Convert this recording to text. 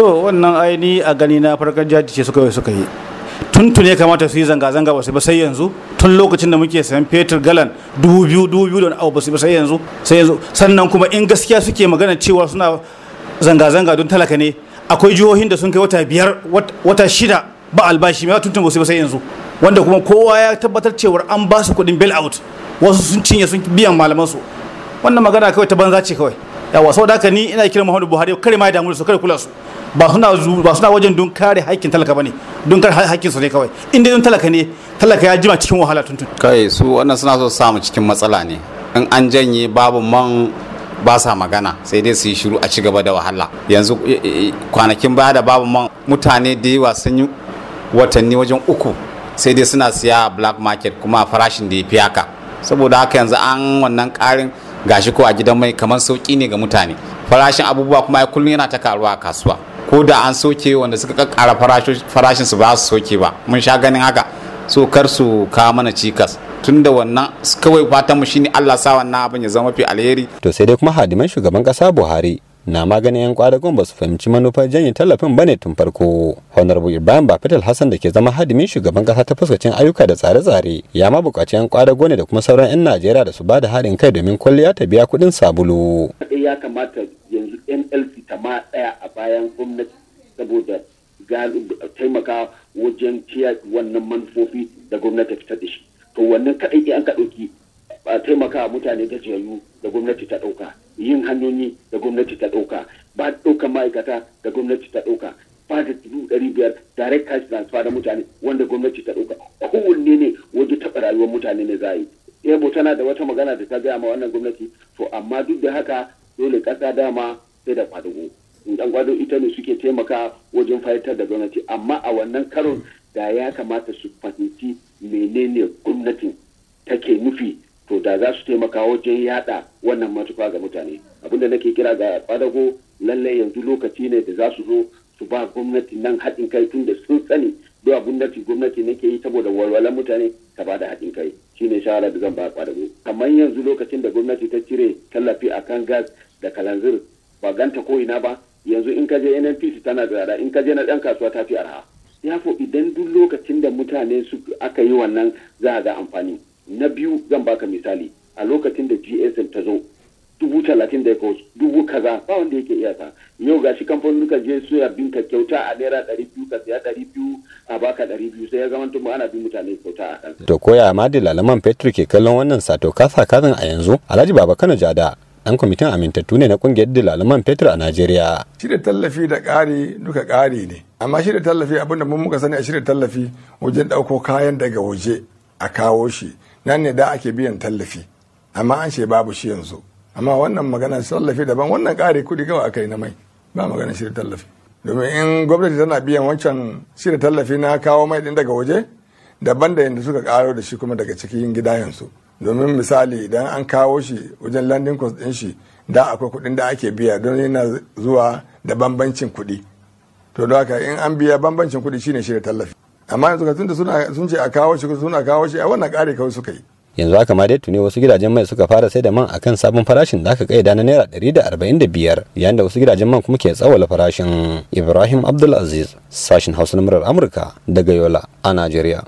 to wannan aini a gani na farkon jaji ce suka yi suka yi tuntun ya kamata su yi zanga-zanga ba su ba sai yanzu tun lokacin da muke sayan fetur galan dubu biyu dubu biyu da abu ba su ba sai yanzu sai yanzu sannan kuma in gaskiya suke magana cewa suna zanga-zanga don talaka ne akwai jihohin da sun kai wata biyar wata shida ba albashi mai tuntun ba su ba sai yanzu wanda kuma kowa ya tabbatar cewa an ba su kuɗin bail out wasu sun cinye sun biyan malaman su wannan magana kawai ta banza ce kawai yawa saboda haka ni ina kira Muhammadu Buhari kare ma damu su kare kula su ba suna ba suna wajen don kare haƙƙin talaka bane don kare haƙƙin su ne kawai in dai don talaka ne talaka ya jima cikin wahala tuntun kai su wannan suna so samu cikin matsala ne in an janye babu man ba sa magana sai dai su yi shiru a ci gaba da wahala yanzu kwanakin baya da babu man mutane da yawa sun yi watanni wajen uku sai dai suna siya a black market kuma farashin da ya fi haka saboda haka yanzu an wannan karin gashi ko a gidan mai kamar sauki ne ga mutane farashin abubuwa kuma ya kullum yana ta karuwa a kasuwa ko da an soke wanda suka kakkara farashin su ba su soke ba mun sha ganin haka so kar su kawo mana cikas tun da wannan kawai fatan mu shine Allah sa wannan abin ya zama mafi alheri to sai dai kuma hadiman shugaban kasa Buhari na maganin 'yan kwadagon ba su fahimci manufar janye tallafin bane tun farko honorable ibrahim fitil hassan da ke zama hadimin shugaban kasa ta fuskacin ayyuka da tsare-tsare ya ma buƙaci 'yan kwadago ne da kuma sauran 'yan najeriya da su ba da haɗin kai domin kwalliya ta biya kuɗin sabulu ya kamata yanzu nlc ta ma ɗaya a bayan gwamnati saboda taimaka wajen kiyaye wannan manufofi da gwamnati ta fitar da shi to wannan kaɗai an ka ɗauki a taimaka mutane gajiyayyu da gwamnati ta ɗauka yin hanyoyi da gwamnati ta ɗauka ba ɗaukan ma'aikata da gwamnati ta ɗauka ba da dubu ɗari biyar direct cash transfer da mutane wanda gwamnati ta ɗauka kowanne ne waje taɓa rayuwar mutane ne za a yi yabo tana da wata magana da ta gaya ma wannan gwamnati to amma duk da haka dole ƙasa dama sai da kwadugo dan kwado ita ne suke taimaka wajen fahimtar da gwamnati amma a wannan karon da ya kamata su fahimci menene gwamnati take nufi to da za su taimaka wajen yada wannan matuƙa ga mutane abinda nake kira ga kwadago lallai yanzu lokaci ne da za su zo su ba gwamnati nan haɗin kai tun da sun sani duk abin da gwamnati nake yi saboda walwalan mutane ta ba da haɗin kai shine shawara da zan ba kwadago kamar yanzu lokacin da gwamnati ta cire tallafi akan gas da kalanzir ba ganta ko ina ba yanzu in ka je nnpc tana da in ka je na ɗan kasuwa ta fi arha ya idan duk lokacin da mutane su aka yi wannan za a ga amfani na biyu zan baka misali a lokacin da gsm ta zo dubu talatin da ya kawo dubu kaza ba wanda yake iya sa yau ga shi kamfanin ka je suya bin ka kyauta a naira ɗari biyu ka siya ɗari biyu a baka ɗari biyu sai ya zama tun ana bin mutane kyauta a kan. to koya ma da lalaman petro ke kallon wannan sato kasa kazan a yanzu alhaji baba kano jada dan kwamitin amintattu ne na kungiyar dilalaman fetur a najeriya shirya tallafi da ƙari duka ƙari ne amma shirya tallafi abinda mun muka sani a shirya tallafi wajen ɗauko kayan daga waje a kawo shi nan ne da ake biyan tallafi amma an ce babu shi yanzu amma wannan magana tallafi daban wannan ƙari kuɗi kawai aka yi na mai ba magana shirya tallafi domin in gwamnati tana biyan wancan shirya tallafi na kawo mai ɗin daga waje daban da yadda suka ƙaro da shi kuma daga cikin gida yanzu domin misali idan an kawo shi wajen landing cost ɗin shi da akwai kuɗin da ake biya don yana zuwa da bambancin kuɗi to da haka in an biya bambancin kuɗi shine shirya tallafi amma yanzu ka tunda sun ce a kawo shi a kawo shi a wannan kare kawai suka yi yanzu haka ma dai tuni wasu gidajen mai suka fara sai da man akan sabon farashin da aka kaida na naira 145 yayin da wasu gidajen man kuma ke tsawala farashin Ibrahim Abdulaziz sashin Hausa na murar Amurka daga Yola a Najeriya